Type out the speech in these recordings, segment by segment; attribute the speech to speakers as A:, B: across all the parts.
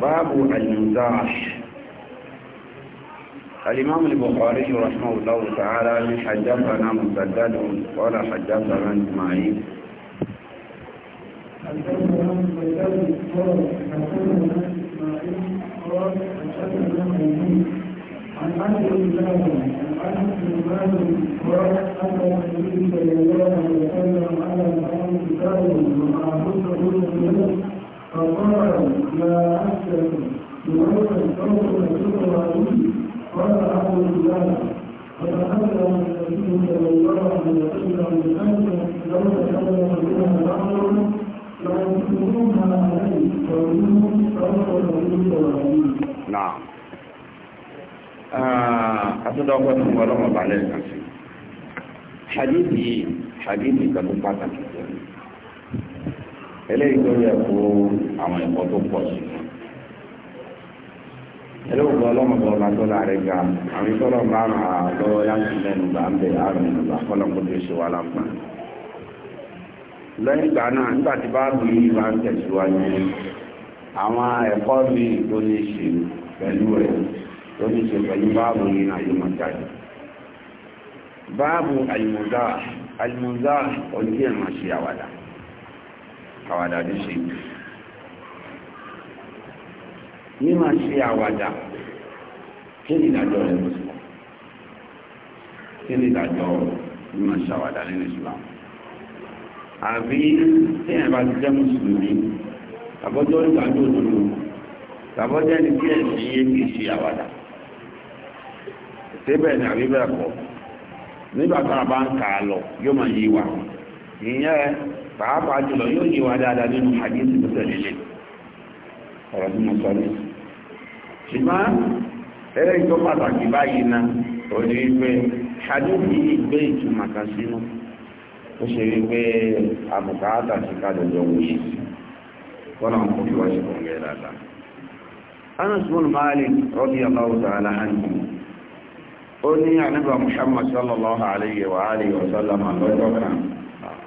A: باب المزاح الإمام البخاري رحمه الله تعالى حدثنا مسدد ولا حدثنا إسماعيل
B: حدثنا مسدد قال حدثنا إسماعيل قال حدثنا محمود
A: عن أنس بن مالك عن أنس بن مالك قال أتى النبي صلى الله عليه وسلم على الأرض كتابه ومع كل رجل فقال يا أشرف لماذا الخوف يشق عليه قال
B: أعوذ بالله فتحدث النبي صلى الله عليه وسلم بأنه لو تكلم بها بعضهم لينكرونها عليه فمنهم خوف يشق عليه
A: نعم àtúndọ́gbọ́ tí wọ́n lọ́wọ́ balẹ̀ kan sí hadithi hadithi pẹ̀lú pàtàkì jẹ́ eléyìí tó yẹ kó àwọn ẹ̀kọ́ tó pọ̀ sí ẹlẹ́wọ̀n bọ́ ọlọ́mọbọ ọba láàrin ga àwọn ìtọ́lọ̀ lẹ́nu gbà ń bẹ̀ àrùn kọ́lọ́ kó tó ṣe wà lápá lẹ́yìn ìgbà náà nígbà tí bá ń tẹ̀síwájú àwọn ẹ̀kọ́ tó ní ṣe pẹ̀lú tó ní ṣe pẹ̀lú báàbù báàbù ọjọ́ ìrìnàṣẹ́ àwàdà àwàdà ló ṣe mímọ̀ ṣe àwàdà kí ni ìdájọ́ rẹ̀ ló sọ kí ni ìdájọ́ mímọ̀ ṣe àwàdà nínú Islam àbí tí ẹ̀ bá ti jẹ́ mùsùlùmí àbọ́jọ́ ìgbàjọ́ òdodo àbọ́jọ́ ẹni tí ẹ̀ sì yé kì í ṣe àwàdà síbẹ̀ ni àbí bẹ́ẹ̀ kọ́ nígbà tá a bá ń kà lọ yóò máa yí wa ìyẹn pàápàá jùlọ yóò yí wa dáadáa nínú hadith tó tẹ̀lé lé ọ̀rọ̀ tí mo sọ ní ṣùgbọ́n ẹ̀rẹ́ tó pàtàkì báyìí náà ò ní wípé hadith yìí gbé kan sínú ó ṣe wípé àbùkátà ti ká lọ́jọ́ wòye sí kọ́nà kò fi wá dáadáa Anas bin Malik alayhi wa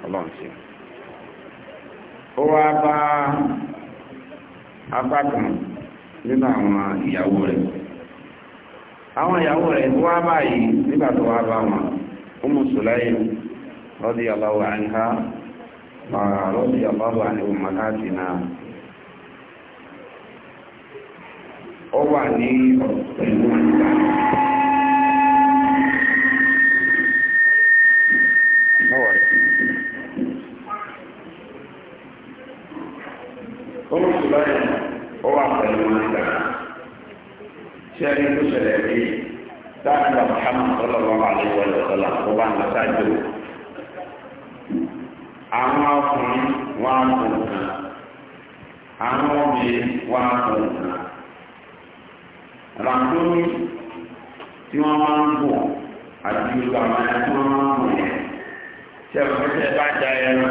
A: ọlọ́run ṣe ó wá bá apá kan nínú àwọn ìyàwó rẹ̀ àwọn ìyàwó rẹ̀ tó wá báyìí nígbà tó wá bá wọn Ummu Sulaym radiyallahu anha radiyallahu anha ummahatina ó wà ní ọ̀pọ̀ ó ń sùn báyìí ó wà pẹ̀lú wọn ìgbàgbà tí a ní ṣẹlẹ̀ bí dáadáa Muhammad sallallahu alaihi wa sallam kó bá ń lọ sáájú àwọn ọkùnrin wà á kó nǹkan àwọn obìnrin wà á kó nǹkan ràǹdóní tí wọ́n máa ń bọ̀ àti ìgbà máa ń bọ̀ yẹn bá ẹran.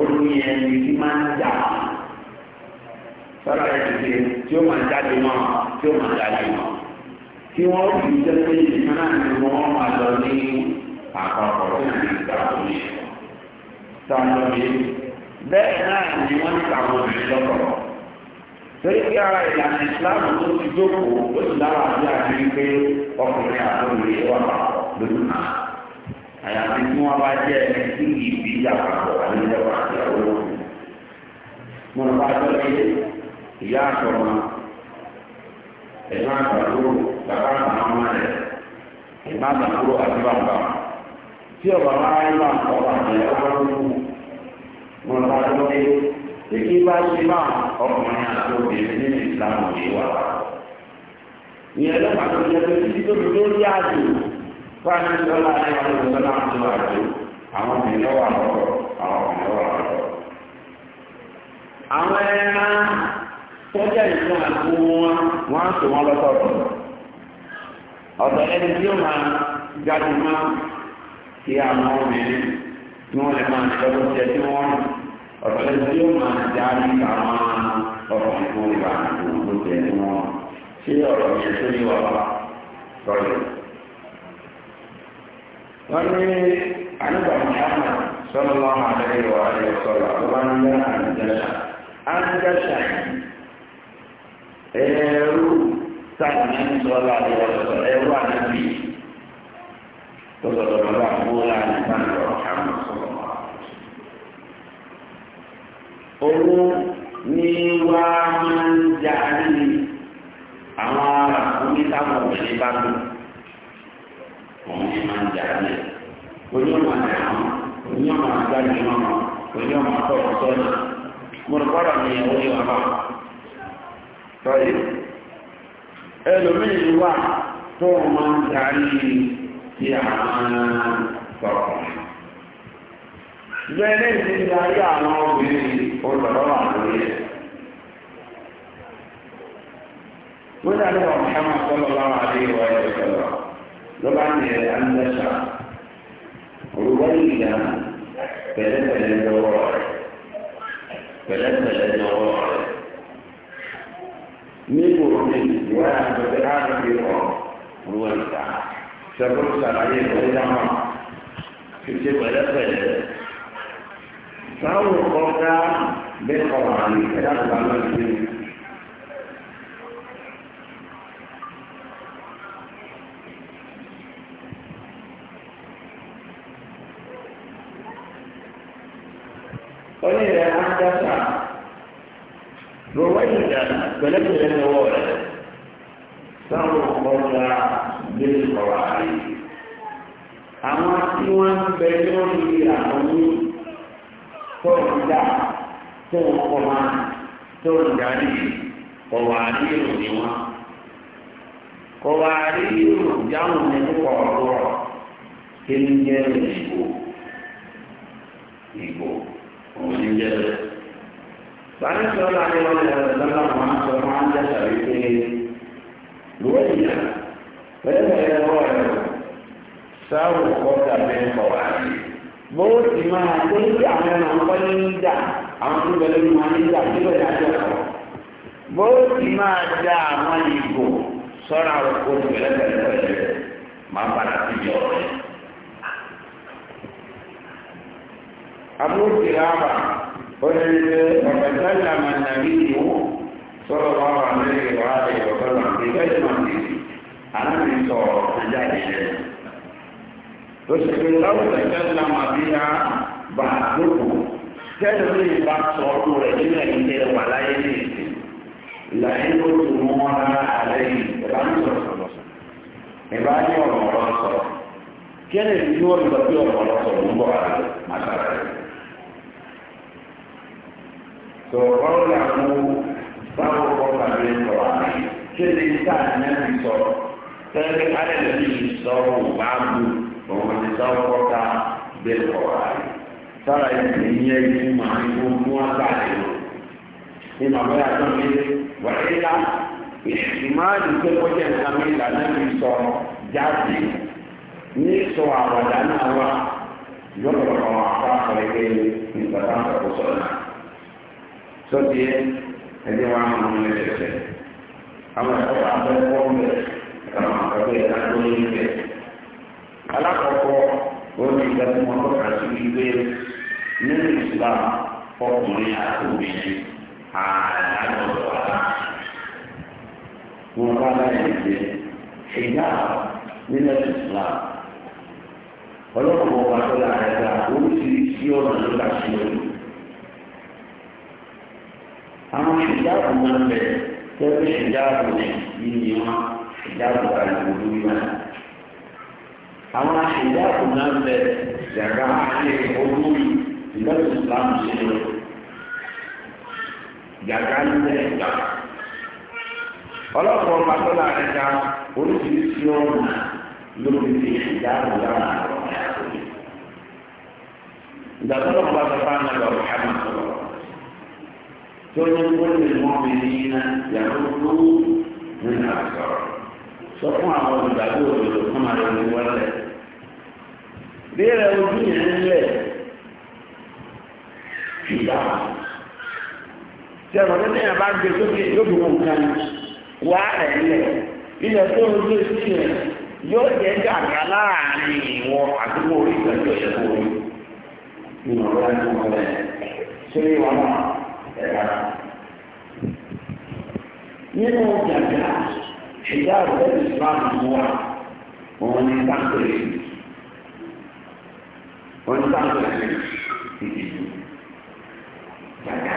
A: olùyẹ ẹni tí máa ń jà sọ́dọ̀ ẹ̀dùnkè tí ó máa ń jáde mọ́ tí ó máa ń jáde mọ́ tí wọ́n fi jẹ́ pé ìdíkan náà ni wọ́n máa lọ ní àkọ́kọ́ tí wọ́n ti gbà fún yẹn sọ́dọ̀ mi bẹ́ẹ̀ náà ni wọ́n ti àwọn obìnrin lọ́kọ̀ọ́ torí pé ara ìlànà ìsìláàmù tó ti jókòó ó sì dára àti àti wípé ọkùnrin àtọ́kùnrin wà lójú náà. àyàfi tí wọ́n bá àti àwọn ìyá bàbá tí ọba wa ń bá ọba àtẹ̀yẹ ọba lóko mo bá tọ́ ilé èyí bá ṣe bá ọkùnrin àti obìnrin nínú ìsìlámù yìí wà. ìyẹn lọ́pàá tó ń pé títí tó fi lórí àjò. fáwọn ẹni tó máa ní ọdún tó náà tó wà tó àwọn obìnrin lọ́wọ́ àwọn àwọn ọkùnrin lọ́wọ́ àwọn ọ̀dọ́. àwọn ẹran tó jẹ́ ìfún àgbo wọn wọ́n á sọ wọn lọ́tọ̀ọ̀tọ̀ ọ̀dọ̀ ẹni tí ó máa jáde máa ti àwọn obìnrin tí wọ́n lè máa ṣe ọdún tiẹ̀ tí wọ́n ọ̀dọ̀ ẹni tí ó máa jáde àwọn ọkùnrin tó lè bá àgbo tó tiẹ̀ tí wọ́n ṣé ọ̀rọ̀ yẹn tó yẹ wà wà wọ́n ní àníbà Muhammad sallallahu alaihi wa alihi wa sallam tó bá ń yá àníjẹ́sà àníjẹ́sà ẹ̀rú sáàmì sọ́lá àdéhùn ẹ̀rú àdébí tó sọ̀rọ̀ lọ́wọ́ òun ní máa ń jà ní onímọ̀ àdáhùn onímọ̀ àgbáyé mọ́mọ́ onímọ̀ àtọ̀rọ̀ sọ́nà mo rò gbọ́dọ̀ ní ẹ̀wọ́ yóò wá sọ́yì ẹlòmíì wà tó máa ń darí ti àwọn sọ̀rọ̀ bẹ́ẹ̀ ní ti darí àwọn obìnrin olùdọ̀lọ́wà lórí ẹ̀ wọ́n dàbí wà mọ́ sọ́lọ́lá àdéhùn ẹ̀yọ́ sọ̀rọ̀ lọ́ba ní ẹ̀ alẹ́sà olùkọ́ ìgbà pẹ̀lẹ́pẹ̀lẹ́ lọ́wọ́ rẹ̀ pẹ̀lẹ́pẹ̀lẹ́ lọ́wọ́ rẹ̀ níbo ni ìwà àgbẹ̀fẹ́ àgbẹ̀fẹ́ kọ̀ olùwà ìta sẹ́kọ̀ọ́ sàlàyé ìwé dáhùn títí pẹ̀lẹ́pẹ̀lẹ́ sáwọn kọ́ká bẹ́ẹ̀ kọ̀ wà ní ẹ̀dá tó bá lọ́ọ́ ruwaida pẹ̀lẹ́pẹ̀lẹ́ lọ́wọ́ rẹ̀ sáwọn ọgbà lórí ọ̀rọ̀ ààrẹ àwọn tí wọ́n ń bẹ lórí àwọn ní tọ́ọ̀dá tó ń kọ́má tó ń darí ọ̀wà àdéhùn ni wọ́n ọ̀wà àdéhùn jáwọn nínú ọ̀rọ̀ kí ń jẹ́ ìbò ìbò òun ń jẹ́ bẹ́ẹ̀. Tadi seorang yang dalam masa manja dari ini dua dia, mereka yang boleh tahu kota Bengkulu. Bos lima pun dia akan meninda, akan boleh meninda juga dia. Bos lima dia menipu seorang pun boleh berbuat mampu nanti dia. Abu Tirabah وسلم النبي صلى الله عليه وآله وسلم بكلمة عن الصور الجاهلية فلو تكلم بها بعضكم تدري بعض صور الجنة إلى ولاية لعنتموها عليه رمز صلى الله عليه وسلم إبراهيم ومرسل كان اليوم يبقى مرسل من بعد tó ọ̀rọ̀ làwọn báwọn kọ́ pàdé sọ àná kéde níta ànábì sọ tẹ́lẹ̀ alẹ́ lẹ́nu ìsọ̀rọ̀ báàbù òun ti sọ̀rọ̀ kọ́ta bẹ́ẹ̀ kọ́ àná sára ìpè ní ẹ̀yìn màá ń kó mú àgbàdo ní màmá yàtọ̀ mi wàlẹ́ yá ìmáàlì tó kọjá ìsàmì ìlànà mi sọ jáde ní sọ àwàdà náà wá yọ̀bọ̀lọ̀ àwọn afárá kọ̀ọ̀kẹ́ ní bàbá àkọ́kọ́ sọ̀rọ̀ náà tó ti yẹ ẹni wàá mọ ọmọ ẹsẹ̀ fẹ́ àwọn ẹ̀kọ́ àtọ́kọ́ ọ̀bẹ àwọn àtọ́kọ́ ẹ̀ka tó ní ibẹ̀ alákọ̀ọ́kọ́ orí ìgbà tí wọ́n tọ́ka sí wípé nínú Islam ọkùnrin àti obìnrin àdájọ́ ọ̀la wọn bá láyé ìgbé ìyá nínú Islam ọlọ́pàá ọba tó lára ẹ̀ka oríṣiríṣi ọ̀nà ló bá ṣe lórí àwọn ṣìjáàbù máa ń bẹ̀rẹ̀ tẹ́lẹ̀ ṣìjáàbù ní ìyí wọn ṣìjáàbù kàlùkù lórí wọn. àwọn ṣìjáàbù máa ń bẹ̀rẹ̀ yàrá àlẹ́ olórí ìlọ́sùn ìsìlámù sí lọ. yàrá ń bẹ̀rẹ̀ gbà. ọlọ́pàá ọba tó la rẹ̀ ga oríṣiríṣi ọ̀nà lórí ti ṣìjáàbù láwọn àwọn ọ̀nà ìgbà tó tó bá ń lọ فلكل المؤمنين يغضوا من أبصارهم sọfún àwọn olùgbàgbọ́ òdodo kọ́ máa lọ sí wọlé bíra ojú yẹn ńlẹ̀ fìlà sẹ́wọ̀n tó tẹ̀yà bá gbé sókè yóò fi wọn kan wá rẹ̀ ńlẹ̀ ilẹ̀ tó ń gbé sí rẹ̀ yóò jẹ́ gàgà láàrin ìwọ àdúgbò orí ìgbàjọ́ ìyẹ̀kọ́ nínú ọ̀rọ̀ ẹ̀kọ́ rẹ̀
B: ṣé wàá máa
A: nínú gàgà ìdá àbẹ̀ ìsìlámù mú wa wọn ní sáńpẹ̀lẹ̀ wọn ní sáńpẹ̀lẹ̀ ìdìbò gàgà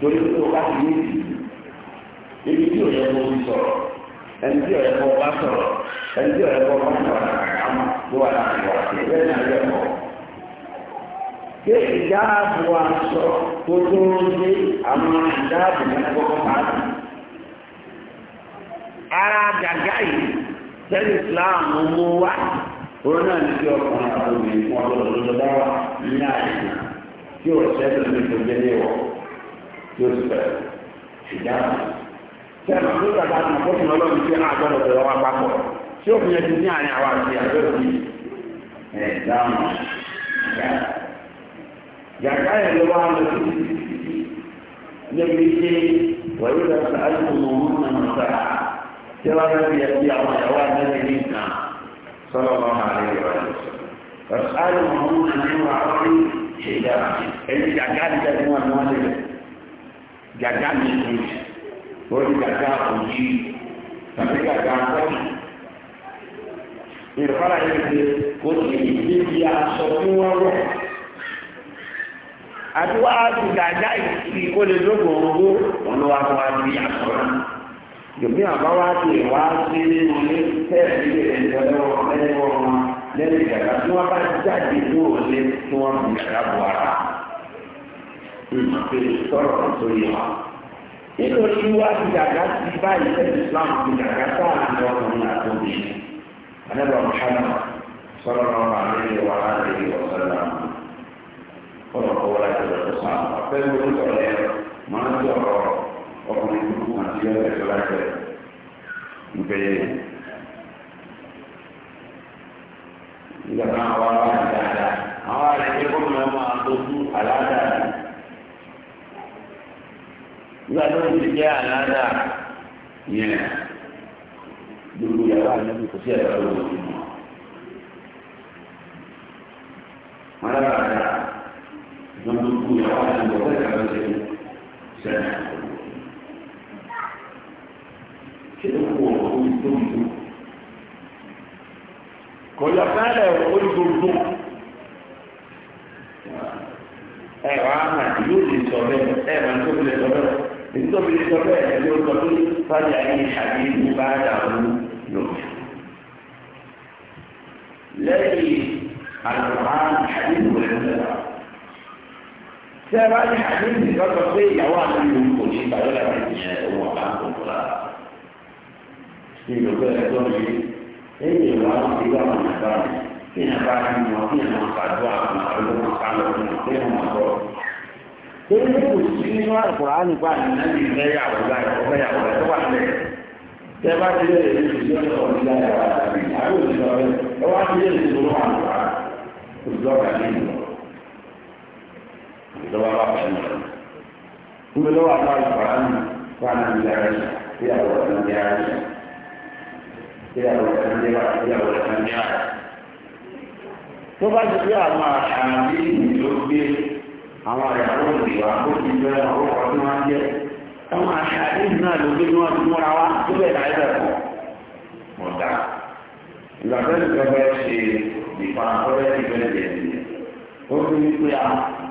A: torí pé o bá ti ní ìdìbò ibi tí òye kò fi sọ̀rọ̀ ẹni tí òye kò bá sọ̀rọ̀ ẹni tí òye kò bá sọ̀rọ̀ àkàkà mọ́ ló wà láti wà sí ẹgbẹ́ náà yẹ kọ́ ṣé ìdáàbò aṣọ tó tó ń gbé àwọn ìdáàbò ní ọgbọ́n ara gàgá yìí tẹ́lẹ̀ Islam mú wá òun náà ní kí ọkùnrin àti obìnrin fún ọdún lọ́dọ́ dáwà ní àìsàn tí ò ṣẹ́gun ní tó jẹ́ léwọ̀ tí ó sì bẹ̀rẹ̀ ìdáàbò. sẹ́nu tó dàgbà ní ọkùnrin ọlọ́run tí wọ́n àgbọ̀dọ̀ bẹ̀rẹ̀ wá papọ̀ tí ó fi yẹn ti ní àárín àwa àti àbẹ̀wò yìí ẹ̀ dáhùn ìdáàbò yàtá yẹn lọ́wọ́ àlọ́ sí lébi ṣe wọ́n yóò lọ sí àìsàn ọ̀hún náà nìkan tí wọ́n bá fi ẹbí àwọn ìyàwó àtẹ́lẹ̀ ní ìtàn sọ́lọ́ bá máa rí ìwà rẹ̀ sọ́lọ́ àìsàn ọ̀hún náà ní wà á rí ṣèjà ẹni jàgá ní wọ́n lè jàgá ní ìlú wọ́n ti jàgá òjì tàbí jàgá àkọ́jù ìrọ̀lá yẹn ti kó sì ní àti wá ti gàdá ìsì kó lè lóko owó wọn ló wá fún wa ní àkọ́rọ́ yòmí àbáwá wá sí nínú ilé tẹ́lẹ̀ nílé ẹ̀jẹ̀ lọ́wọ́ ẹ̀jẹ̀ wọn lẹ́yìn gàdá tí wọ́n bá jáde ní tí wọ́n fi ara sọ̀rọ̀ tó yẹ wa ti sọ̀rọ̀ náà ọ̀nà ọwọ́ láti lọ́dọ̀ sáà pẹ̀lú orúkọ yẹn máa ń sọ̀rọ̀ ọkùnrin dúdú àti ọ̀rẹ́ tó láti rẹ̀ nígbà yẹn. nígbà kan àwọn ará wà dáadáa àwọn ará ẹgbẹ́ gómìnà máa tójú àládàá nígbà tó ń ti jẹ́ àládàá yẹn gbogbo yàrá àyẹ̀wò kò sí ẹ̀rọ lọ́wọ́ ìmọ̀. wọ́n dábàá dáa menunggu orang yang berkata jadi sana. Kita kuat untuk itu. Kalau kala untuk itu, eh ramai dia di sore, eh mantu boleh sore. Itu boleh sore, dia untuk tí a bá ní àdéhùn ìjọba pé ìyàwó àdéhùn òun kò ní ìgbà yóò òun ní mi mi kí ni a bá ní wọn kí ni wọn kà dó àwọn kò sí nínú àkùrá nípa tó wà ìjọba wà pẹ̀lú rẹ̀. Níbi lọ́wọ́ àwọn àlùfáà ní fáànà ní àrẹ́sà tí àwọn ọ̀rẹ́ ní àrẹ́sà tí àwọn ọ̀rẹ́ ní àrẹ́sà tí àwọn ọ̀rẹ́ ní àrẹ́sà. Tó bá ti pé àwọn àbí ìlú gbé àwọn àyàwó ìwà ó ti fẹ́ àwọn ọkọ̀ tí wọ́n jẹ́. Àwọn àṣàdé náà ló gbé wọn múra wá tó bẹ̀ láì bẹ̀ pọ̀. Mọ̀ dá. Ìgbà tó ti fẹ́ fẹ́ ṣe ìfọ̀nàkọ́rẹ́ ìfẹ́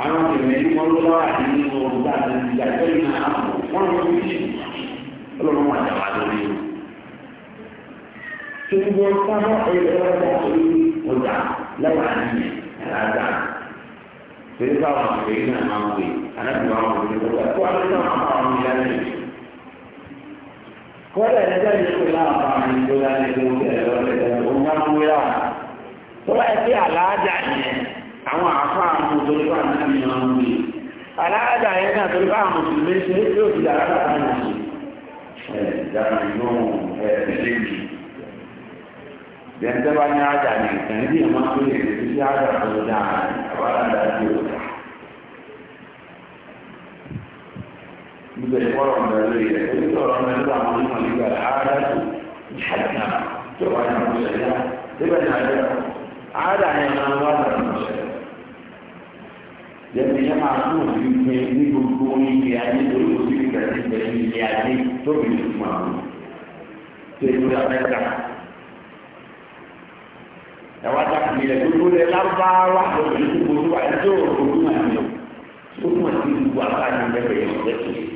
A: àwọn kẹmẹrí wọn ló wá àti nínú ọdún bá àti ìgbà ìfẹ́ yìí náà wọn lọ sí i ọlọ́run wà jà wá lórí o. tó ń bọ sábà ẹgbẹ́ wọn bá orí ọjà lẹ́wà nìyẹn alága pẹ̀lú báwọn kẹmẹrí náà máa ń wè anábìyàn àwọn òbí wọn kó àwọn náà máa bá wọn yá lẹ́yìn. kọ́lá ẹ̀jẹ̀ yìí kò náà mi gbọ́dá ní gbogbo ń wéra. tó àwọn àfá àwọn òtòlúpà náà ní ọmọ lẹ́nu yẹn máa tó òbí pé ní gbogbo ilé ayé lórí òbí ìgbàlódé pẹ̀lú ilé ayé tóbi ní ìfún àwọn tó ètò amẹ́ta. ẹ̀wá dàkú ilẹ̀ gbogbo rẹ̀ lábáwá lórí gbogbo tó wà tó òbí wà ní o tó mọ̀ sí gbogbo àbáyé lẹ́bẹ̀ẹ́ yẹn lẹ́sẹ̀.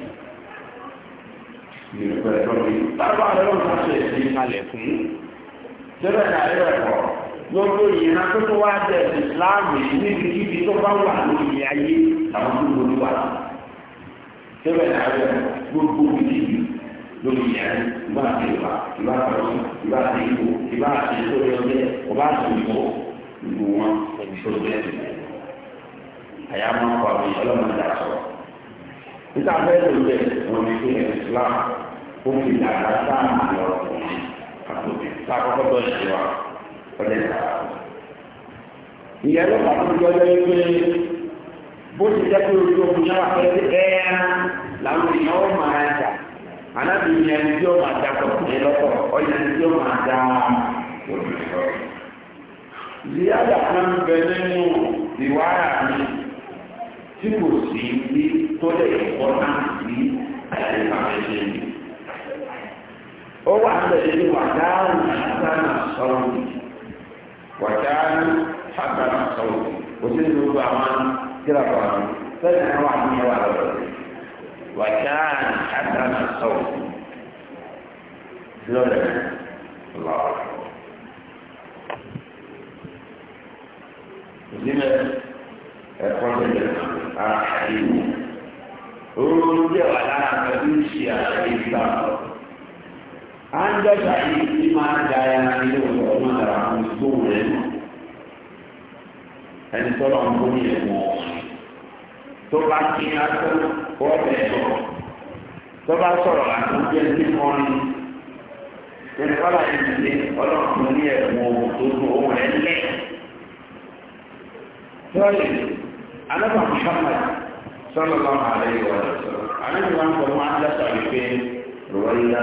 A: ìrẹ̀pẹ̀rẹ̀ lọ́wọ́ yìí lábáwá lọ́wọ́ sọ́sẹ̀ ẹ̀sìn kalẹ̀ fún. sẹ́bẹ̀ náà ẹ̀rọ ẹ̀kọ́ gbogbo ìran tó tó wá jẹ ìsìláàmù yìí níbi kíbi tó bá wà ní ilé ayé àwọn tó lórí wà síbẹ̀ láàárọ̀ gbogbo ìdíbi lórí ìyàrá ìbá àti ìwà ìbá àtọ̀sùn ìbá àti ìwò ìbá àti ìtòrí ọjẹ́ ọba àti ìwò ìwò wọn tó jẹ́ àyà máa ń pa àwọn ọlọ́run ìdá sọ̀rọ̀ níta bẹ́ẹ̀ ló jẹ́ wọn ní ọ̀lẹ́ta ìyẹn ló bá tó jọjọ yìí pé bó ti jẹ́ pé ojú omi náà fẹ́ sí ẹ̀ẹ́rán làwọn èèyàn ó máa jà anábì ní ẹni tí ó máa da ọkùnrin lọ́tọ̀ ọ̀yẹ́ ẹni tí ó máa da obìnrin lọ́tọ̀. ìyáàdà kan bẹ nínú ìwárà mi tí kò sí ní tó lè kọ́ náà sí àyè àmẹ́ṣe mi. ó wà ń bẹ̀rẹ̀ ní wàdáàrú sánà sọ́run yìí. وكان حتى نقصوا وسلموا بعضهم كلا بعضهم فلنا واحد من واحد وكان حتى نقصوا لولا الله أكبر لما يقول حبيبي هو يقول على حديث يا حبيبي àńjọ́sà yìí ti máa da ẹran ilé ọ̀dọ́ máa ra àwọn ìgbó rẹ̀ mọ́ ẹni tọ́lọ̀ ń bó yẹ wọ́n tó bá kí ní atọ́ wọ́n bẹ̀ sọ̀rọ̀ tó bá sọ̀rọ̀ àtúnjẹ́ ní mọ́rin ẹni kọ́lá yìí ti ṣe ọlọ́run ní ẹ̀wọ̀n tó tó owó rẹ̀ lẹ̀ tọ́lẹ̀ alábà Muhammad sọ́lọ́ lọ́wọ́ àlẹ́ ìwọ̀n sọ̀rọ̀ àlẹ́ ìwọ̀n sọ̀rọ̀ máa ń dá sọ̀rọ̀ pé rọ̀lá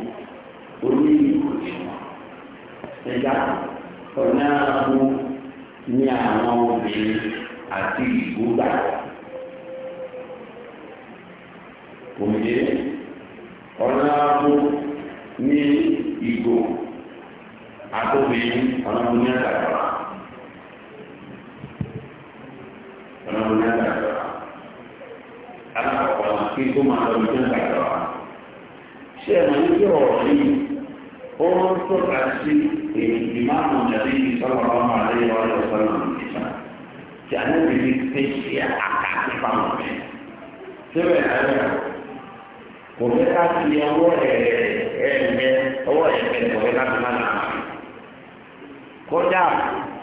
A: ẹ̀dá ọ̀nà ààbò ní àwọn obìnrin àti ìgbógbà. Òmìnir ọ̀nà ààbò ní ìgò àtòbìnrin ọ̀nà ààbò ní àgbàdo. Ọ̀nà ààbò ní àgbàdo. Alákọ̀ọ́kọ́ kí n tó máa lọ sí àgbàdo. Ṣé ẹ̀mọ̀ ní kí ọ̀rọ̀ yìí ó ń tọ́ka sí إمام النبي صلى الله عليه وآله وسلم كأنه بيكتشف أحكام فمه سبع هذا وفتح في أول أول وفتح في ماذا kódà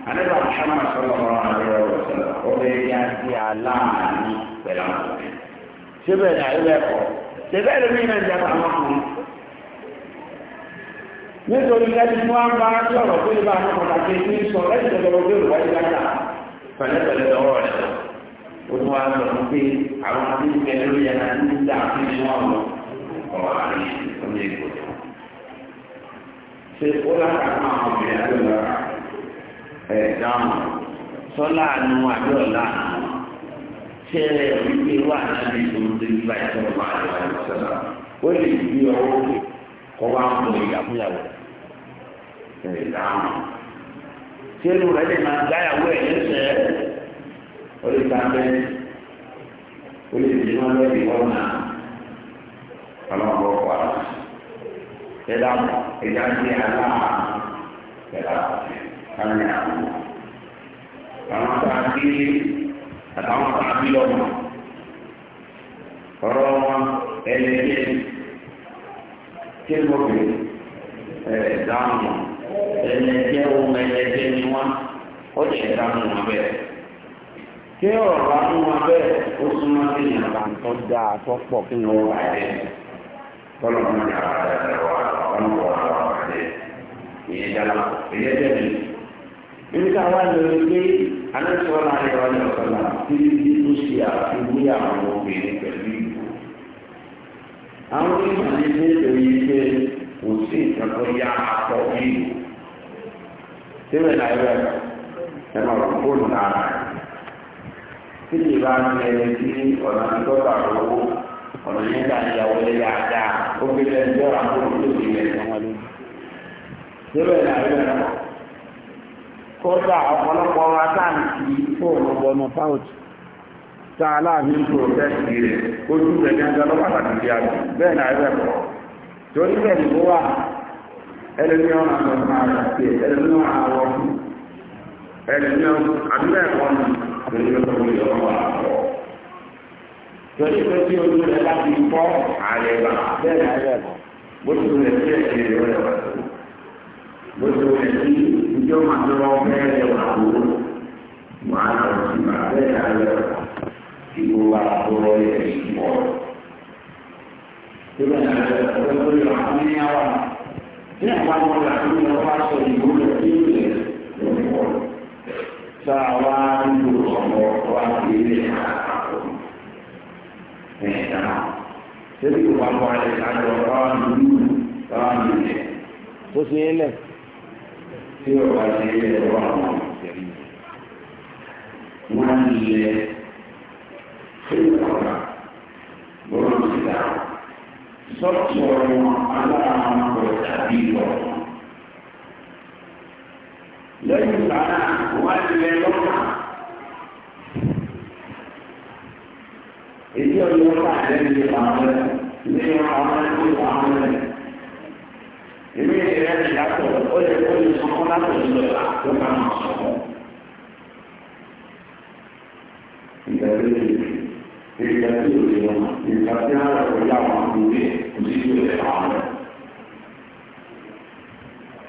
A: alẹ́bà Muhammad sọlọ́mọ àlọ́ sọlọ́ ọbẹ̀ yá sí aláàánú pẹ̀lú àwọn ọ̀rẹ́ síbẹ̀ ní àyẹ̀wò ẹ̀kọ́ síbẹ̀ lómi náà jẹ́ àwọn ọmọ nítorí ẹni tí wọ́n tí ọ̀rọ̀ tó lè bá àwọn pàtàkì tí ń sọ lẹ́yìn tó lọ́wọ́ bẹ́ẹ̀ wáyé pẹ̀lẹ́pẹ̀lẹ́ lọ́wọ́ rẹ̀ ó tún wá sọ fún pé àwọn adébíkẹ́ lórí ẹ̀ka tí ń dá fún ìṣẹ́ wọn lọ ọ̀rọ̀ àárín ìṣẹ́ ìgbò ṣe ó lákàtà àwọn obìnrin àdúrà ẹ̀ dáhùn sọ́lá àánú àdúrà ṣe é wípé wà láti ìṣòro tó ń gbà tí ẹnu lè máa gbáyàwó lè ta bẹ́ẹ̀ ó lè lọ́ọ̀dì ẹ̀dá ẹ̀dá àlá ẹ̀dá àwọn a ẹlẹ́jẹ́ ohun ẹlẹ́jẹ́ ni wọ́n ó lè dá mú wọn bẹ́ẹ̀. kí ọ̀rọ̀ bá mú wọn bẹ́ẹ̀ ó súnmọ́ sí ìyàrá tó dáa tó pọ̀ kí wọ́n wà dé. tọ́lọ̀ mú wà dé. ìyẹn ìyẹn mi. pé tí ṣe àfiwé àwọn obìnrin pẹ̀lú ìbò. àwọn ní ilé pé kò sí síbẹ̀ na ẹ̀rọ ẹ̀ máa rọ̀ ndị bá ń bẹ ẹni ọ̀nà tó bá ọ̀nà yẹn tó ti ọ̀pọ̀lọpọ̀ fóònù tá a rẹ̀ ojú rẹ̀ lọ́pàá tàbí bí a torí bẹ́ẹ̀ ni wà ẹlẹ́ni ọ̀nà àtọ̀tún ara sí ẹ̀ ẹlẹ́ni ọ̀nà àwọ̀ ẹlẹ́ni àdúrà ẹ̀kọ́ ni àtẹ̀lẹ́ ọ̀tọ̀ lè ọ̀rọ̀ wà lọ. Torí pé tí ojú rẹ̀ bá ti fọ́ ààrẹ bá bẹ́ẹ̀ ni ààrẹ bọ̀ bó ti rẹ̀ sí ẹ̀sìn rẹ̀ rẹ̀ wà tó. Bó ti rẹ̀ sí ìjọ máa tó lọ bẹ́ẹ̀ rẹ̀ wà tó. Màá lọ sí màá bẹ́ẹ̀ ni ààrẹ bọ̀ kí gbogbo wa tó lọ yẹ ìmọ̀. Tó bẹ́ẹ̀ ni ààrẹ bọ̀ ní àwọn ọmọ ìlànà ìlú ọba sọ ìlú rẹ̀ ní ilẹ̀ lórí wọn. Sá wa nílò ọmọ wa fi ilé àkàkọ́. Ẹ̀ẹ́dá. Ṣébí ìwà bọ̀ ẹ̀ Tó ṣe é lẹ̀. Tí ọba ṣe é lẹ̀ wà wọ́n ìṣẹ̀rí. Wọ́n á lẹ̀ fún àbíyọ. lẹ́yìn ìgbà wọ́n ti lẹ lọ́kà. èyí ọ̀yọ́ ọ̀pá àlẹ́ni lè pa àwọn ẹ̀ ní àwọn ẹ̀ tó pa àwọn ẹ̀. èmi ìrẹsì yàtọ̀ ó lè kó ìsọkọ́ látọ̀ ìlọ́lá tó bá wọn sọ.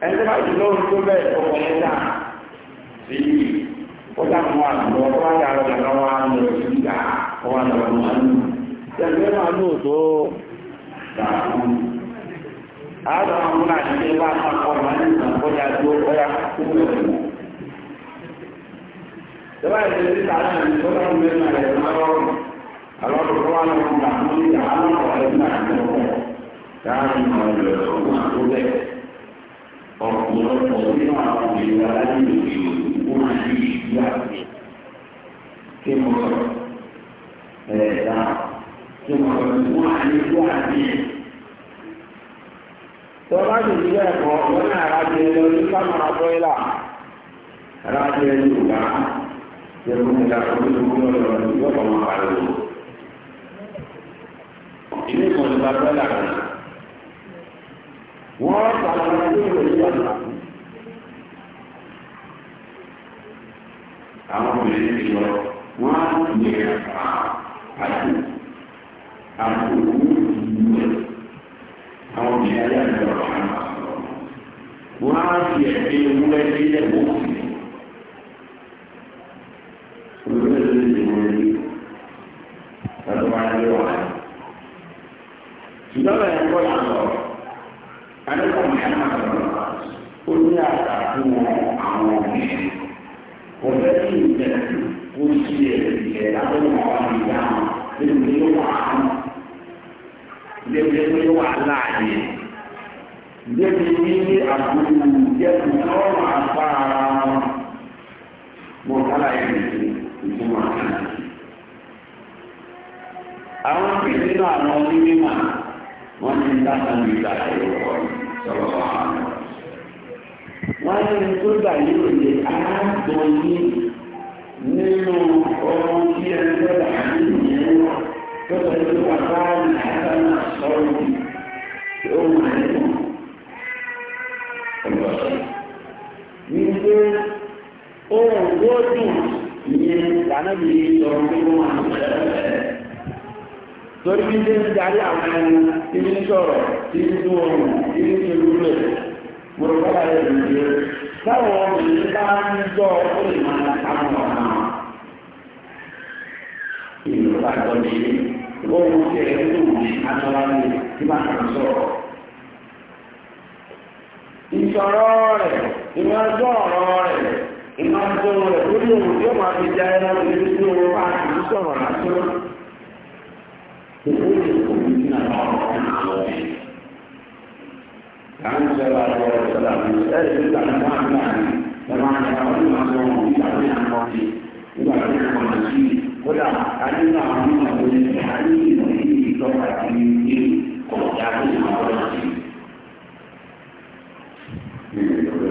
A: ẹni tó bá tó bẹ́ẹ̀ ọkọ̀ ní sí ó dáhùn wà lọ tó wá yàrá ọ̀gá náà wà ọwọ́ lọ mọ́ ní. Ìjọba máa lò tó dàrú. Àwọn àwọn ọmọ náà ti wá ń sàn kọjá tó ọyá ọ̀pọ̀lọpọ̀ nínú àwọn ìlera láyé òde òní wọ́n ti ṣí àpè kí mo sọ ẹ̀ẹ́dá kí mo sọ wọ́n á ní kó àpè. tọ́lá ti di bẹ́ẹ̀ kọ́ wọ́n náà rájẹ lọ ní kámẹ́rà bọ́ìlà rájẹ yorùbá yẹ̀wò nígbà tó ń lò ó lọ́wọ́ yóò bọ̀ wọn pariwo. ilé ìkọ̀lù bá bọ́ìlà kan wọ́n àwọn obìnrin ti lọ wọn á yẹ àpò àpò owó ìlú àwọn obìnrin ayé àti ọ̀rọ̀ àwọn àpò wọn á fi ẹ̀gbẹ́ ewúrẹ́ sílẹ̀ wọ́n. ohun gbóòdù ìyẹn ìdánábì ìjọba tó wà lórí bí ṣe ń darí àwọn ẹni tí sọ̀rọ̀ tí ń tún ohun tí ń ṣe lúlẹ̀ mọ̀rọ̀kọ́lá rẹ̀ ló dé táwọn ọmọ yìí bá ń gbọ́ ó lè máa táwọn ọ̀nà ìlú bá tọ́ mi ohun tí ẹ̀ ń lò ní aṣọ láti tí ìsọ̀rọ̀ rẹ̀ ìmọ̀jọ́ ọ̀rọ̀ rẹ̀ ìmọ̀jọ́ rẹ̀ lórí òun yóò máa fi ja ẹran ìlú tí ó wá lásán.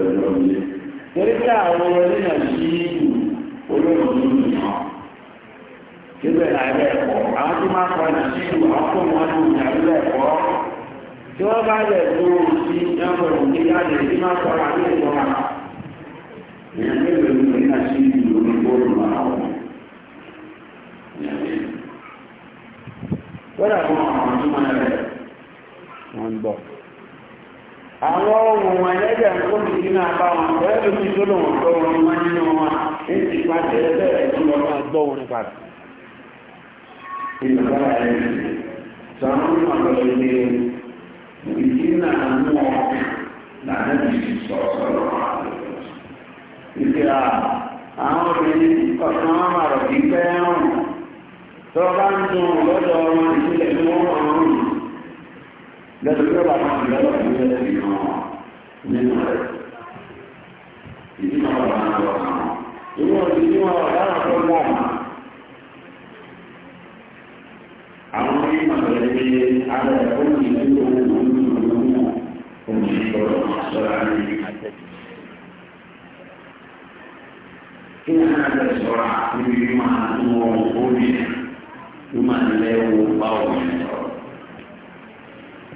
A: ọ̀dọ̀
B: wọ́n
A: dà fún àwọn tó máa rẹ̀ wọ́n ń bọ̀ àwọn ohun wọn ẹlẹ́dẹ̀ kóbi nínú apá wọn pẹ̀lú mi tó lòun gbọ́ wọn wọn nínú wọn ní ti pàṣẹ ẹlẹ́dẹ̀ tó lọ máa gbọ́ wọn padà. ìgbà ẹ̀ sọ̀rọ̀ ní ọ̀dọ́ ilé ìdínà mú ọ lànà ìsì sọ̀rọ̀ ìgbà àwọn obìnrin ọ̀sán wọn máa rọ̀ kí pẹ́ ẹ̀rùn tó bá ń dùn lọ́dọ̀ wọn ìpínlẹ̀ tó wọ́n máa ń lẹ́nu tó bá máa ń lọ sí ilé ẹ̀mí náà nínú rẹ̀. Ìdí náà wà máa lọ sí wọn. Ìwọ ti ní wọn ọ̀daràn tó ń bọ̀ mọ́. Àwọn onímọ̀ rẹ̀ ní alẹ́ ẹ̀kọ́ ní ìlú owó lórí ìlú wọn. Omi gbọdọ̀ sọ́ra ní kí ni a lè sọ̀rọ̀ níbi máa ń wọ orí ẹ̀ ló máa ń lẹ́wọ́ báwọn ẹ̀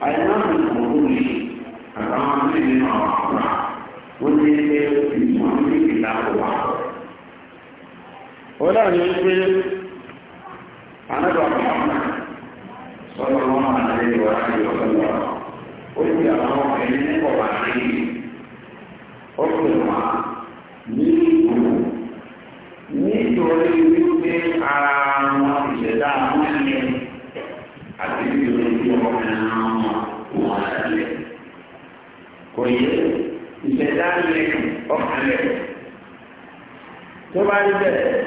A: àìmáàmù ìmọ̀tò ní àtàwọn abúlé nínú àwọn àkùrà wọ́n ní pé ìmọ̀ ní ìlà wà. ó dà ní pé anábà pàmò sọ́dọ̀ wọn àti ìwà àti ọ̀sọ́dọ̀ ó ti àwọn ọ̀rẹ́ ní pọ̀ bá rí ó pè wọ́n. bá rí bẹ́ẹ̀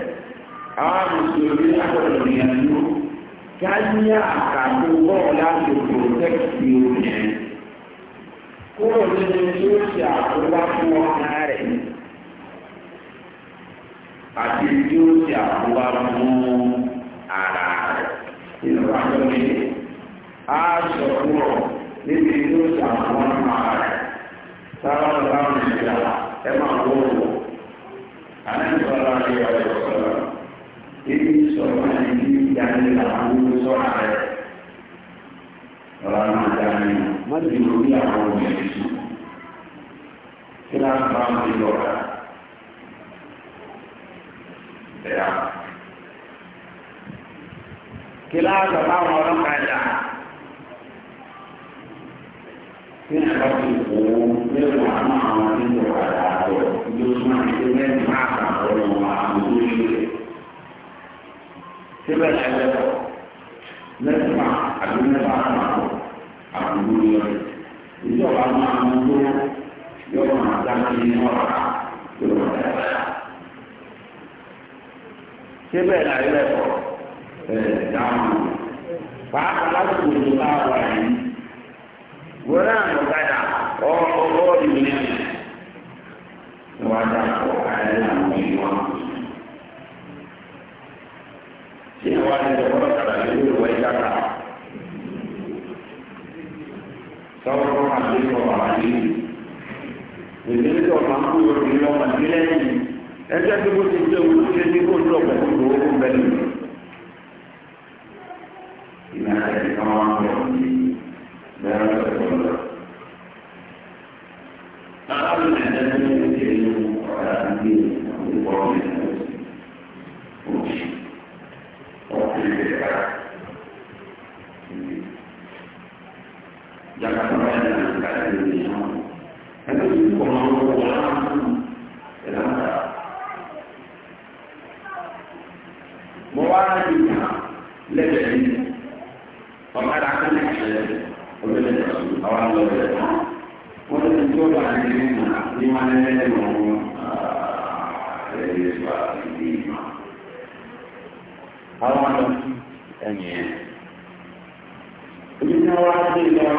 A: àwọn mùsùlùmí agbọ̀dọ̀ níyànjú kí á ní àkàtó bọ́ọ̀ láti protẹ́kì obìnrin kúrò nínú tí ó ṣe àkóbá fún ọ̀nà rẹ̀ àti tí ó ṣe àkóbá fún ara rẹ̀ nínú àjọ mi á sọ níbi tí ó ṣe àkóbá fún ara rẹ̀ sábà Anak seorang lagi ada seorang. Ini seorang ini yang dilakukan seorang. Orang macam ini, orang ini. Kenapa orang itu orang? Ya. Kila orang kaya.
B: Ini adalah ibu, ini 这
A: 边来的。mo wá rájú ìyá lẹ́gbẹ̀ẹ́ mi ọmọ ẹ̀dá kan ní ìṣẹ̀lẹ̀ obìnrin àwọn àwọn ọ̀rẹ́ rẹ̀ wọ́n ti tó bá ní ní ìmọ̀ ní wọn ní ẹni wọn wọn ẹ̀ẹ́dẹ́ bá ní ìmọ̀. àwọn ọmọ ẹ̀yìn ẹ̀ ojú tí wọ́n á dé lọ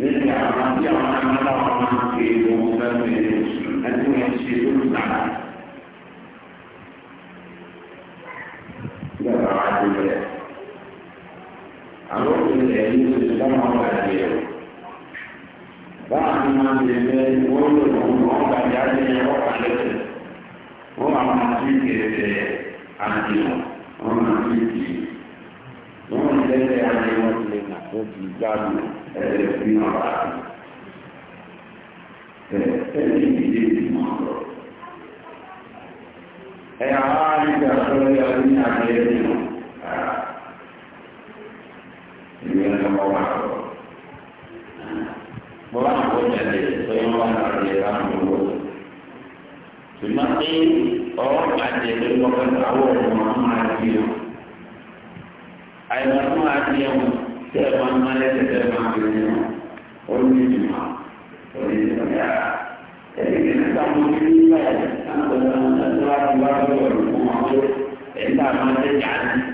A: nígbà àwọn tí àwọn ọmọ náà wọn máa ń fi ohun fẹ́ mi ẹni wọn ṣe lórí ìgbà náà. ẹ̀yà wá nígbà tó yẹ ní àgbẹ̀yẹ̀ nínú mọ wà lọ. mo bá kó tẹ̀lé tó yẹ wà lọ yẹ bá mi wò. tùmọ̀ pé ọ̀rọ̀ àjẹ ló lọ pẹ̀lú àwọn ọmọ máa di o. àìmọ̀ fún àjẹ o tẹ̀ máa má lẹ́sẹ̀ tẹ̀ máa fi ní o. ó ní ìtumọ̀ ó ní ìtumọ̀ yàrá. ẹ̀rí kí ní sàmú ní ní báyìí. àwọn ọ̀dọ́ àwọn ọ̀dọ́ wa ti wá lọ́wọ́ ìfowópamọ́ ẹ̀ńtà máa tẹ̀lé àná.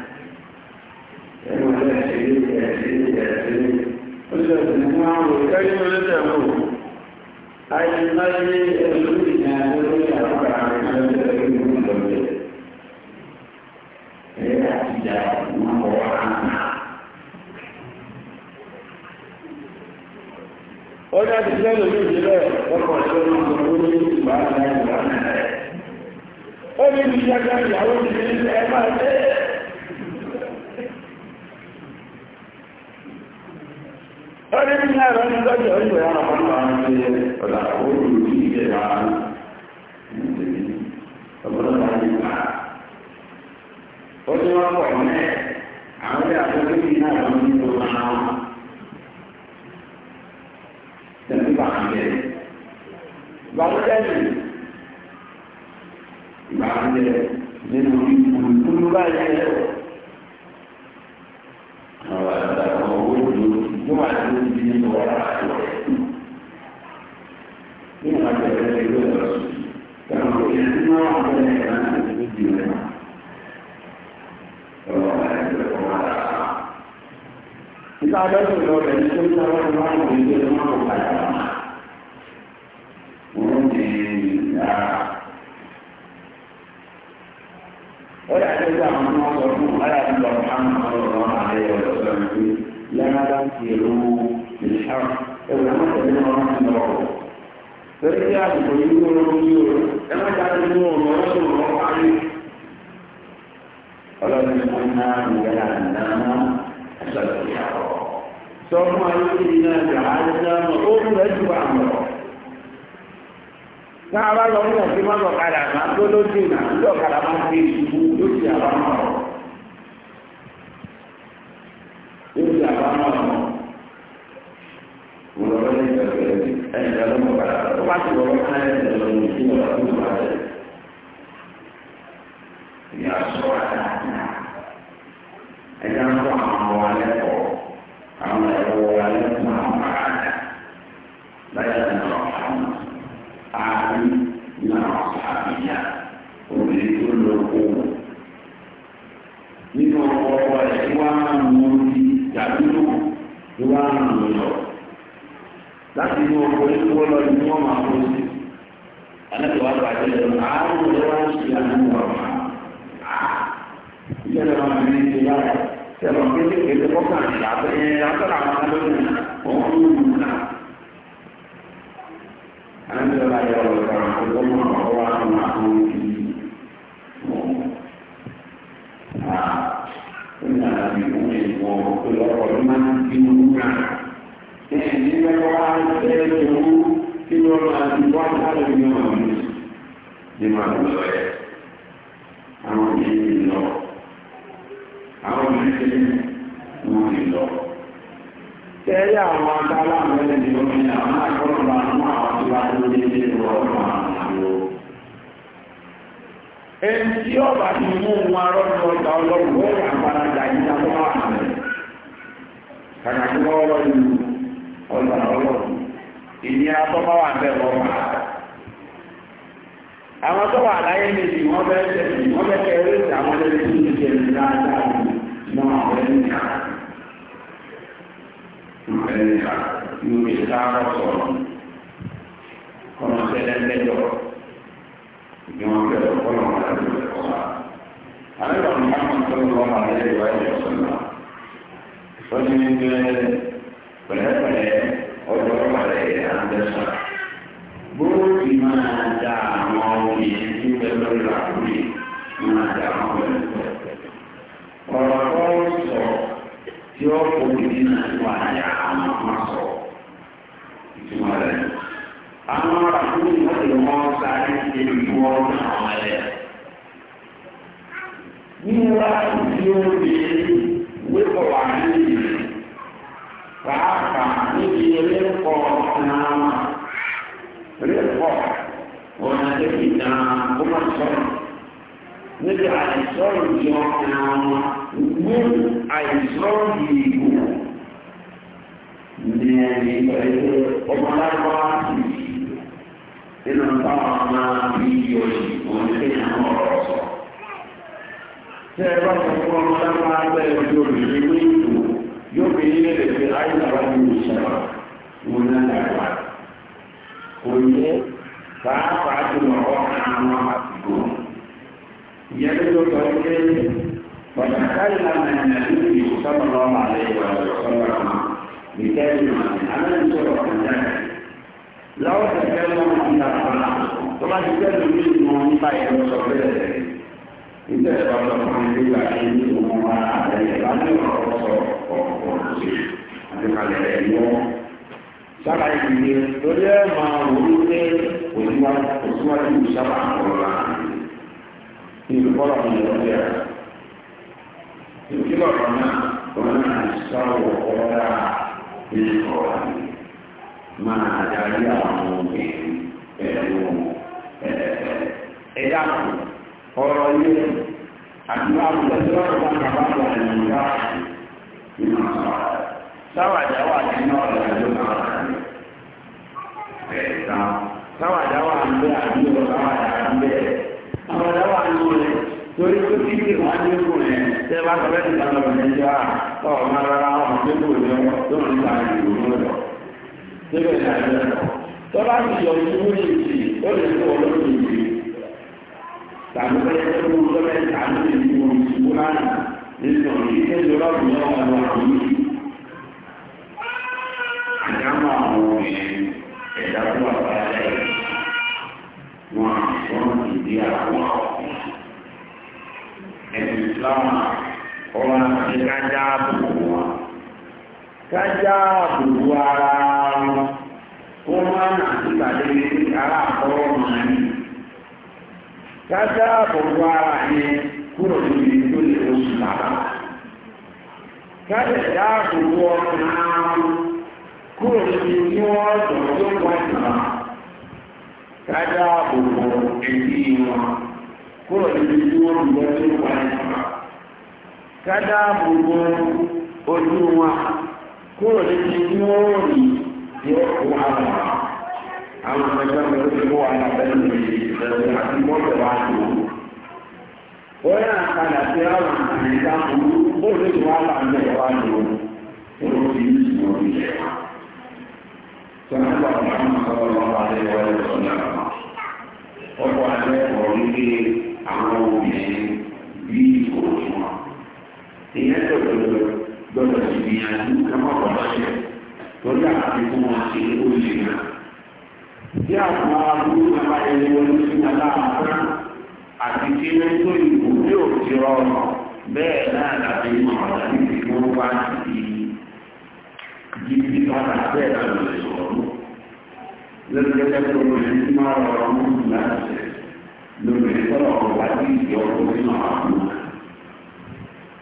A: Ọjọ́ ti jẹ́ lórí ìjìnlẹ̀ ọkọ̀ ìṣẹ́lú ọmọ orí ìgbà àti àìyàn. Ó ní ìjẹ́gbẹ́ ìyàwó ti ní ẹgbà tẹ́ẹ̀. ní láàrín nínú ìlú ìlú báyìí bá tó lọ rẹ̀ ní tó ń sọ wọn wọn kò ní tó ń wọn padà wọn ní ìlà. ó yà tó sọ àwọn tó wọn sọ fún ọlá tó lọ fún àwọn ọmọ wọn àlẹ ọ̀dọ́ sọ ní pé lẹ́nu bá ń fi èrò ìṣàrò ẹ̀wọ̀n náà tẹ̀lé wọn ti lọ rọ̀. lórí tí àsìkò yìí ló ló ní o ẹ má jáde ní ọ̀rọ̀ ọ̀rọ̀ ọ̀rọ̀ wáyé. ọlọ́run ní wọn náà ń yára náà ṣàlùyàwó. ثم إنا جعلنا أمة عمرا Káàbá lọ mú ọ̀sí má lọ kàdà má tó ló dènà lọ kàdà má fi ìṣubú ló ti àbá mọ̀ ọ́. Ló ti àbá mọ̀ ọ́. Mo lọ bẹ́ẹ̀ ní ìgbàgbé ẹ̀jẹ̀ lọ́mọ kàdà tó bá ti wọ́n ká. inú oko ikú lọ ní wọ́n máa kó sí. Àlejò wa gbàgbé lẹ́nu àárò lọ́wọ́ sí àánú ọ̀rọ̀ ilé ẹ̀rọ máa ní ìdí lára tẹ̀lọ̀ kékeré kọ́kànlá bẹ́ẹ̀ látọ̀rọ̀ àwọn alóòrùn òun ló ń ná wà ní mú wọn rọ́nà ọjà ọlọ́run wọ́n yà àpárá ìjà yìí ló wà hàn. Kàkà kí wọ́n wọ́n lu ọjà ọlọ́run. Ìnira tó bá wà bẹ́ẹ̀ lọ́wọ́. Àwọn tó wà láyé méjì wọ́n fẹ́ tẹ̀lé wọ́n fẹ́ tẹ̀lé àwọn ẹlẹ́dẹ́ tó ti tẹ̀lé dáadáa mọ́ àwọn ẹni ká. Ẹni ká yóò fi sáárọ̀ sọ̀rọ̀ kọ́nà sẹ́lẹ̀ lẹ́jọ́ ìgbìmọ̀ pẹ̀lú ọ̀pọ̀lọpọ̀ àdúgbò àlejò àwọn obìnrin tí ó ti wọ́n sáré ìlú ọ̀nà. nwa ndị obi wepụrụ anyị ka aka ndị rekọ n'ama rekọ ọ̀nàdẹ́kìtà kọmọ̀sọ́rọ̀ níbi àìsọ́rọ̀ jọ àwọn mú àìsọ́rọ̀ ìgbò ní ẹni pẹ̀lú ọmọlápá nínú táwọn máa bí yọ ìgbò nílé àwọn ọ̀rọ̀ sọ̀rọ̀ tẹ́ ẹ bá fún wọn sábà bẹ́ ẹ bí obìnrin ní ìlú yóò fi yé lè fi àyíká ní ìṣẹ̀wà wọn náà dàgbà. kò yẹ pàápàá tó lọ ọkàn àwọn àtìkò. ìyẹn tó sọ pé pàtàkì lànà ìrìnàjò ìṣọ́nà lọ́mọ àlẹ́ ìwà ìṣọ́nà lọ́mọ بكلمة أنا أنشر عندك لو تكلم عن الطلاق ثم تكلم منه عن طيب وصبر nígbà tí wọn lọ fún mi nígbà tí ní òun wá àtẹlẹ bá ní ọ̀rọ̀ sọ ọ̀pọ̀ ṣe àtìkalẹ̀ rẹ̀ ní wọn. sábà ìdílé lórí ẹ máa wò ó pé òṣùwájú sábà ń kọ láàrin ìlú bọ́lá mi lọ sí ẹ̀. ìkílọ̀ kan náà wọn náà sáwọ̀ ọ̀rá ní ọ̀rá máa darí àwọn obìnrin pẹ̀lú ẹ̀ẹ́dá kan ọ̀rọ̀ ilé àti láàbùdá tí ọ̀rọ̀ àjọ náà bẹ̀rẹ̀ tán ń bẹ àdúgbò sáwàjá ń bẹ sáwàjá wà ń lóore torí tó kí ní wọ́n ní kù tẹ́ bá sọ bẹ́ẹ̀ nígbà lọ́wọ́ nàìjíríà ọ̀rọ̀ máa rárá wọn tó kù ní ọjọ́ tó ń ta ìlú lọ síbẹ̀ nàìjíríà tọ́lá ti yọ ìṣúwó yìí ó lè tó olóògbé yìí ẹgbẹ́rún lọ́wọ́ ẹ̀ka lórí ìwọ̀n ìṣubú lánàá nínú ìṣẹ́ ìjọba ìjọba àwọn àwọn yìí. Àdámọ̀ àwọn ẹ̀dá tó wà láyé wọn àwọn ìdí àwọn ẹ̀sìn Islam ọ̀la ẹ̀ka jáàbù wọn. Ká jáàbù. kájá àbọ̀wọ́ ara yẹn kúrò níbi tó lè oṣù lára kájá ìdá àbọ̀wọ́ ọkùnrin kúrò níbi tí wọ́n sọ̀rọ̀ tó wọ́n ìgbà kájá àbọ̀wọ́ ẹ̀bí wọn kúrò níbi tí wọ́n tí àwọn ọmọdé ọmọ ti kó wa náà bẹ́ẹ̀ ní ìṣẹ̀lẹ̀ àti mọ́tò wa tó. wọ́n yà kàdà sí àwọn àyíká fún bóòlù tí wọ́n á bá mẹ́ wa tó. wọ́n ti ní ìṣòro ìṣẹ̀ wa. sọ́nà bá wọn máa ń sọ ọ́ wá lé wọlé sọ́nà wa. ọkọ̀ alẹ́ ọ̀rọ̀ ní àwọn obìnrin bí ìṣòro fún ìyẹn tó gbọdọ̀ gbọdọ̀ ìgbìyànjú kọ́mọ́kọ́ lọ́sẹ̀ tó dà àfikún wọn sí olè náà bí àwọn aburú nípa ẹni oníṣẹ́ aláàbọ̀n àti kí ní tó ìbò ní òkè rọrùn bẹ́ẹ̀ náà làbí ọ̀rọ̀ níbi tí wọ́n wá sí gidi padà bẹ́ẹ̀ náà lè sọ̀rọ̀ lórí gẹ́gẹ́ tó lórí tí máa rọrùn mú láti lórí tọ́lọ̀ wá sí ìyọ̀ nínú àwọn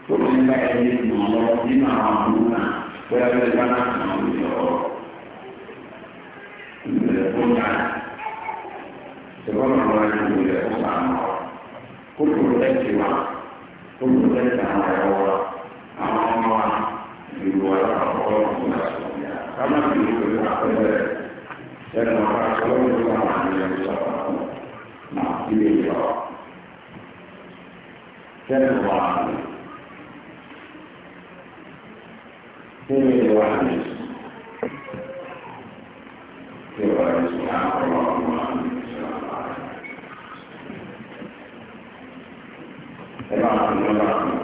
A: tó lórí bá ẹni mọ̀ lọ nínú àwọn àbúrò náà bóyá bẹ́ẹ̀ bá náà kàn án lórí เหลือพวกนั้นถือว่ามันมาอยู่เหลือพวกสามพุทธคุณได้ชีวะพุทธคุณได้สามายาอะอามาอยู่วะพระพุทธคุณได้สองอย่าถ้ามันอยู่เหลือพวกเลยจะนำพระสงฆ์มาทำอย่างสบาย
B: มาที่นี่ก็เช่นวันที่วัน Thank you.